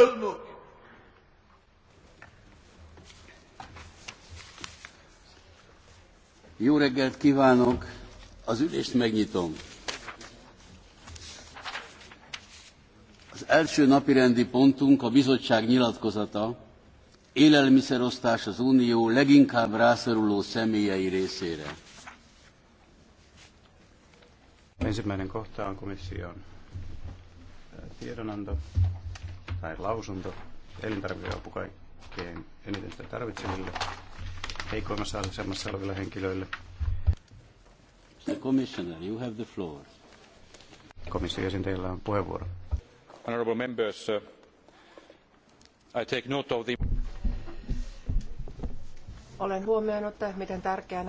elnök! Jó reggelt kívánok! Az ülést megnyitom. Az első napirendi pontunk a bizottság nyilatkozata, élelmiszerosztás az Unió leginkább rászoruló személyei részére. Ensimmäinen kohta on komission tiedonanto näin lausunto, elintarvikeapu kaikkein eniten sitä tarvitseville, heikoimmassa asemassa oleville henkilöille. Mr. Commissioner, you have the floor. Komission jäsen, teillä on puheenvuoro. Honorable members, uh, I take note of the... Olen huomioinut, miten tärkeänä